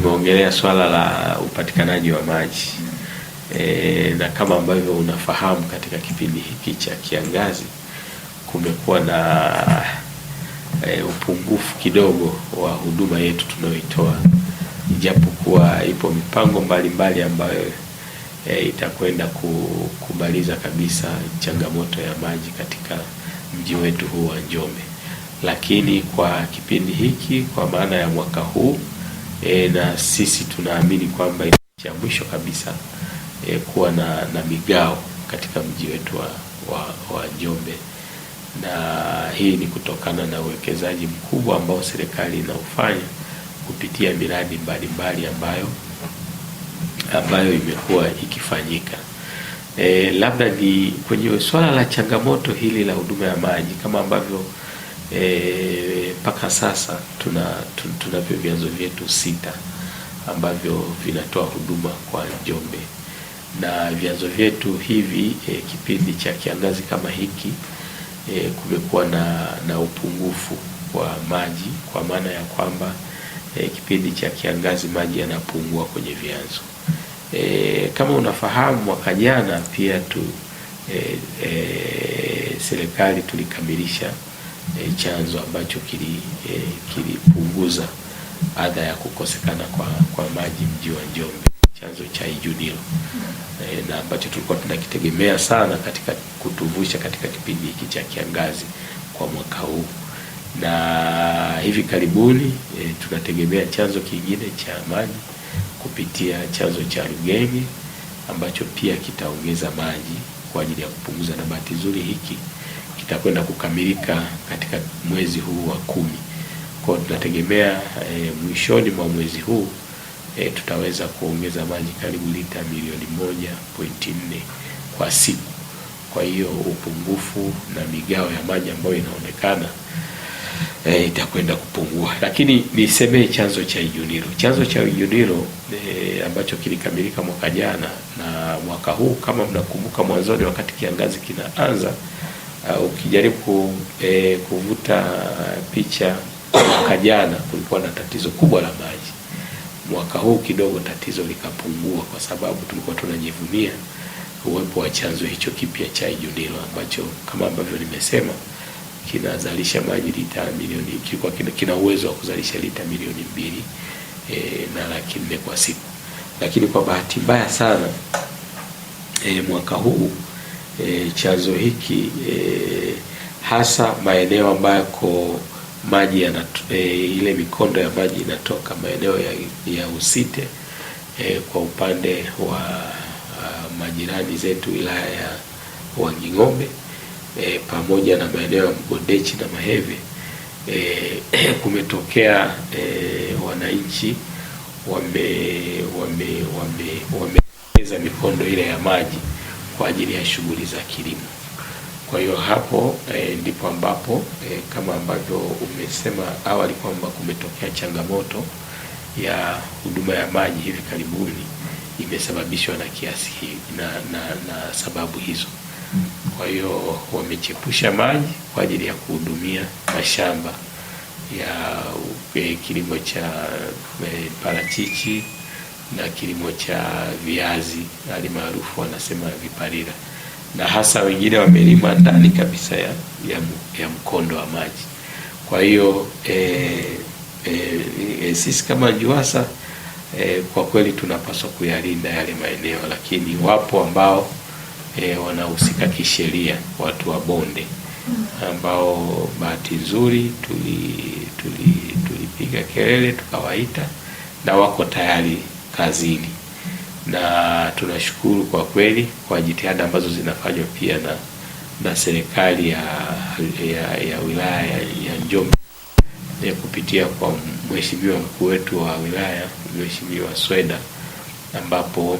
umeongelea swala la upatikanaji wa maji e, na kama ambavyo unafahamu katika kipindi hiki cha kiangazi kumekuwa na e, upungufu kidogo wa huduma yetu tunayoitoa, ijapokuwa ipo mipango mbalimbali mbali ambayo e, itakwenda kumaliza kabisa changamoto ya maji katika mji wetu huu wa Njombe, lakini kwa kipindi hiki, kwa maana ya mwaka huu e, na sisi tunaamini kwamba ya mwisho kabisa e, kuwa na, na migao katika mji wetu wa, wa, wa Njombe na hii ni kutokana na uwekezaji mkubwa ambao serikali inaufanya kupitia miradi mbalimbali ambayo ambayo imekuwa ikifanyika. E, labda ni kwenye swala la changamoto hili la huduma ya maji kama ambavyo e, mpaka sasa tuna tunavyo vyanzo vyetu sita ambavyo vinatoa huduma kwa Njombe na vyanzo vyetu hivi e, kipindi cha kiangazi kama hiki e, kumekuwa na, na upungufu wa maji kwa maana ya kwamba e, kipindi cha kiangazi maji yanapungua kwenye vyanzo e, kama unafahamu mwaka jana pia tu e, e, serikali tulikamilisha e, chanzo ambacho kilipunguza e, eh, kilipunguza adha ya kukosekana kwa, kwa maji mji wa Njombe, chanzo cha Ijunilo e, eh, na ambacho tulikuwa tunakitegemea sana katika kutuvusha katika kipindi hiki cha kiangazi kwa mwaka huu na hivi karibuni e, tunategemea chanzo kingine cha maji kupitia chanzo cha Rugenge ambacho pia kitaongeza maji kwa ajili ya kupunguza, na bahati nzuri hiki kitakwenda kukamilika katika mwezi huu wa kumi. Kwa hiyo tunategemea e, mwishoni mwa mwezi huu e, tutaweza kuongeza maji karibu lita milioni moja pointi nne kwa siku. Kwa hiyo upungufu na migao ya maji ambayo inaonekana e, itakwenda kupungua, lakini nisemee chanzo cha Ijunilo. Chanzo cha Ijunilo e, ambacho kilikamilika mwaka jana na mwaka huu, kama mnakumbuka, mwanzoni wakati kiangazi kinaanza uh, ukijaribu eh, kuvuta picha mwaka jana kulikuwa na tatizo kubwa la maji. Mwaka huu kidogo tatizo likapungua, kwa sababu tulikuwa tunajivunia uwepo wa chanzo hicho kipya cha Ijunilo ambacho kama ambavyo nimesema kinazalisha maji lita milioni kilikuwa kina uwezo wa kuzalisha lita milioni mbili e, na laki nne kwa siku, lakini kwa bahati mbaya sana e, mwaka huu e, chanzo hiki e, hasa maeneo ambayo maji ya e, ile mikondo ya maji inatoka maeneo ya, ya Usite e, kwa upande wa a, majirani zetu wilaya ya Wanging'ombe e, pamoja na maeneo ya Mgodechi na Maheve e, kumetokea e, wananchi wame wame wame wamepoteza mikondo ile ya maji kwa ajili ya shughuli za kilimo. Kwa hiyo hapo eh, ndipo e, ambapo e, kama ambavyo umesema awali kwamba kumetokea changamoto ya huduma ya maji hivi karibuni imesababishwa na kiasi na, na, na sababu hizo. Kwa hiyo wamechepusha maji kwa ajili ya kuhudumia mashamba ya e, kilimo cha e, parachichi na kilimo cha viazi alimaarufu wanasema viparira, na hasa wengine wamelima ndani kabisa ya, ya, ya mkondo wa maji. Kwa hiyo e, e, e, sisi kama JUWASA e, kwa kweli tunapaswa kuyalinda yale maeneo, lakini wapo ambao e, wanahusika kisheria, watu wa bonde ambao bahati nzuri tulipiga tuli, tuli kelele tukawaita na wako tayari kazini, na tunashukuru kwa kweli kwa jitihada ambazo zinafanywa pia na na serikali ya, ya, ya wilaya ya Njombe ya eh, kupitia kwa mheshimiwa mkuu wetu wa wilaya Mheshimiwa Sweda, ambapo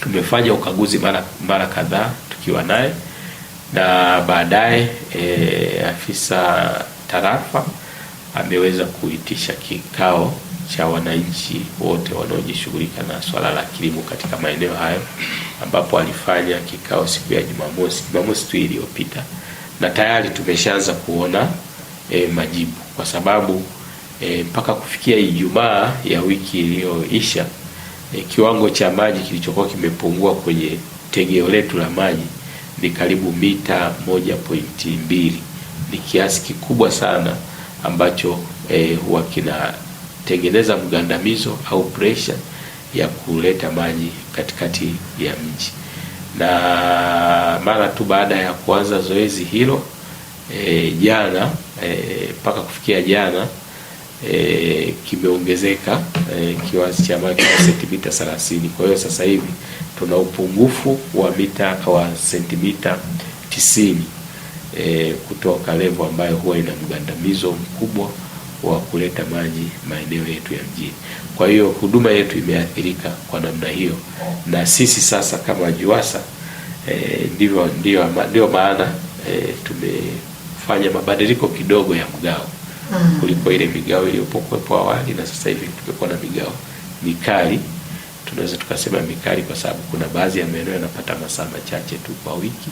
tumefanya ukaguzi mara mara kadhaa tukiwa naye na baadaye e, afisa tarafa ameweza kuitisha kikao cha wananchi wote wanaojishughulika na swala la kilimo katika maeneo hayo, ambapo alifanya kikao siku ya Jumamosi, Jumamosi tu iliyopita, na tayari tumeshaanza kuona e, majibu kwa sababu eh, mpaka e, kufikia Ijumaa ya wiki iliyoisha e, kiwango cha maji kilichokuwa kimepungua kwenye tegeo letu la maji ni karibu mita moja pointi mbili. Ni kiasi kikubwa sana ambacho eh, huwa kinatengeneza mgandamizo au pressure ya kuleta maji katikati ya mji, na mara tu baada ya kuanza zoezi hilo e, jana eh, mpaka eh, kufikia jana E, kimeongezeka e, kiwanzi cha maji kwa sentimita 30. Kwa hiyo sasa hivi tuna upungufu wa mita wa sentimita 90 e, kutoa levo ambayo huwa ina mgandamizo mkubwa wa kuleta maji maeneo yetu ya mjini. Kwa hiyo huduma yetu imeathirika kwa namna hiyo, na sisi sasa kama JUWASA e, ndivyo ndio ndio maana e, tumefanya mabadiliko kidogo ya mgao mm, kuliko ile migao iliyokuwepo awali, na sasa hivi tumekuwa na migao mikali tunaweza tukasema mikali kwa sababu kuna baadhi ya maeneo yanapata masaa machache tu kwa wiki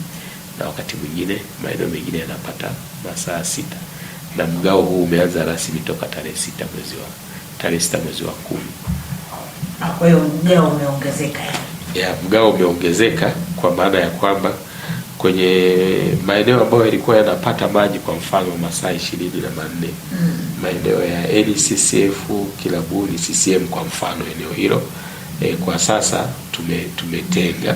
na wakati mwingine maeneo mengine yanapata masaa sita, na mgao huu umeanza rasmi toka tarehe sita mwezi wa tarehe sita mwezi wa kumi. Kwa hiyo mgao umeongezeka ya mgao umeongezeka kwa maana ya kwamba kwenye maeneo ambayo yalikuwa yanapata maji kwa mfano masaa ishirini na manne mm. maeneo ya LCCF Kilabuni CCM kwa mfano eneo hilo e, kwa sasa tume, tumetenga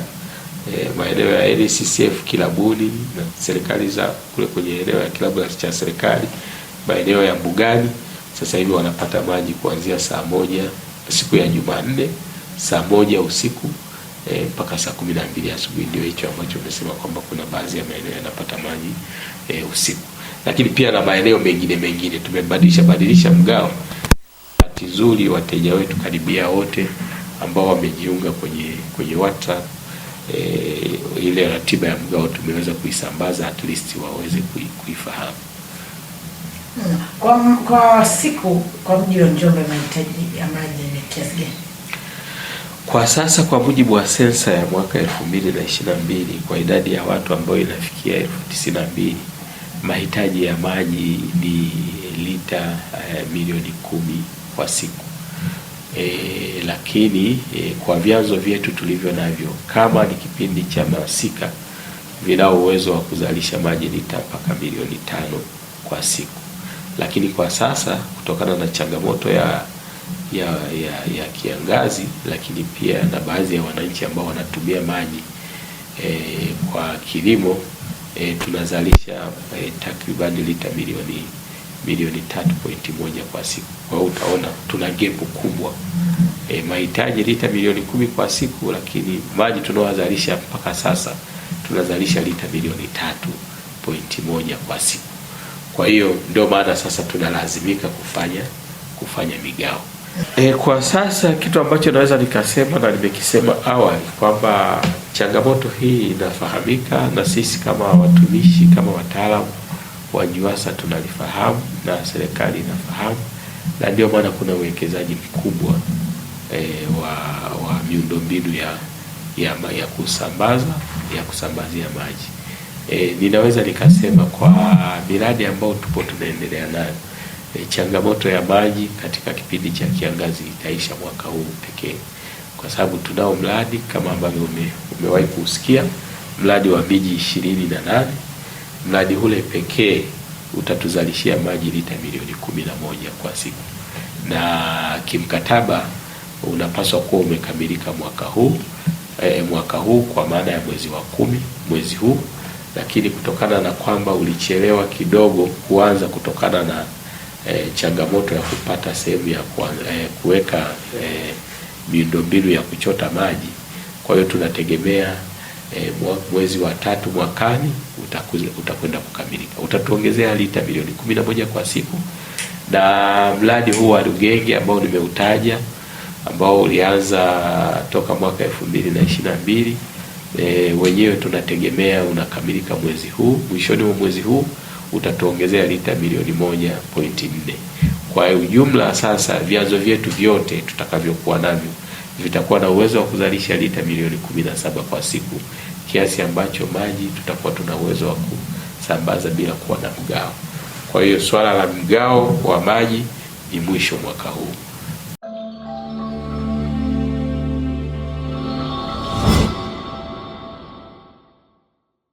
e, maeneo ya NCCF kilabuni na serikali za kule kwenye eneo ya kilabu cha serikali, maeneo ya mbugani. Sasa hivi wanapata maji kuanzia saa moja siku ya Jumanne saa moja usiku eh, mpaka e, saa kumi na mbili asubuhi. Ndio hicho ambacho umesema kwamba kuna baadhi ya maeneo yanapata maji e, usiku, lakini pia na maeneo mengine mengine tumebadilisha badilisha mgao. Bahati nzuri wateja wetu karibia wote ambao wamejiunga kwenye kwenye WhatsApp e, ile ratiba ya mgao tumeweza kuisambaza at least waweze kui, kuifahamu. Hmm. Kwa, kwa siku kwa mji wa Njombe mahitaji ya maji ni kiasi gani? Kwa sasa kwa mujibu wa sensa ya mwaka elfu mbili na ishirini na mbili kwa idadi ya watu ambayo inafikia elfu tisini na mbili mahitaji ya maji ni lita eh, milioni kumi kwa siku e, lakini e, kwa vyanzo vyetu tulivyo navyo, kama ni kipindi cha masika, vinao uwezo wa kuzalisha maji lita mpaka milioni tano kwa siku, lakini kwa sasa kutokana na changamoto ya ya ya, ya kiangazi, lakini pia na baadhi ya wananchi ambao wanatumia maji e, kwa kilimo e, tunazalisha e, takribani lita milioni bilioni tatu pointi moja kwa siku. Kwa hiyo utaona tuna gepu kubwa e, mahitaji lita milioni kumi kwa siku, lakini maji tunaozalisha mpaka sasa tunazalisha lita milioni tatu pointi moja kwa siku. Kwa hiyo ndio maana sasa tunalazimika kufanya kufanya migao e, kwa sasa kitu ambacho naweza nikasema na nimekisema awali kwamba changamoto hii inafahamika na sisi kama watumishi kama wataalamu wajiwasa tunalifahamu na serikali inafahamu, na ndio maana kuna uwekezaji mkubwa e, wa, wa miundombinu ya, ya, ya kusambaza ya kusambazia maji e, ninaweza nikasema kwa miradi ambayo tupo tunaendelea nayo e, changamoto ya maji katika kipindi cha kiangazi itaisha mwaka huu pekee, kwa sababu tunao mradi kama ambavyo ume, umewahi kusikia mradi wa miji ishirini na nane mradi ule pekee utatuzalishia maji lita milioni kumi na moja kwa siku, na kimkataba unapaswa kuwa umekamilika mwaka huu e, mwaka huu kwa maana ya mwezi wa kumi mwezi huu, lakini kutokana na kwamba ulichelewa kidogo kuanza kutokana na e, changamoto ya kupata sehemu ya e, kuweka e, miundombinu ya kuchota maji, kwa hiyo tunategemea e, mwezi wa tatu mwakani utakwenda kukamilika. Utatuongezea lita milioni kumi na moja kwa siku, na mradi huu wa Lugenge ambao nimeutaja ambao ulianza toka mwaka elfu mbili na ishirini na mbili e, wenyewe tunategemea unakamilika mwezi huu, mwishoni mwa mwezi huu utatuongezea lita milioni moja pointi nne. Kwa ujumla sasa vyanzo vyetu vyote tutakavyokuwa navyo vitakuwa na uwezo wa kuzalisha lita milioni kumi na saba kwa siku kiasi ambacho maji tutakuwa tuna uwezo wa kusambaza bila kuwa na mgao. Kwa hiyo swala la mgao wa maji ni mwisho mwaka huu.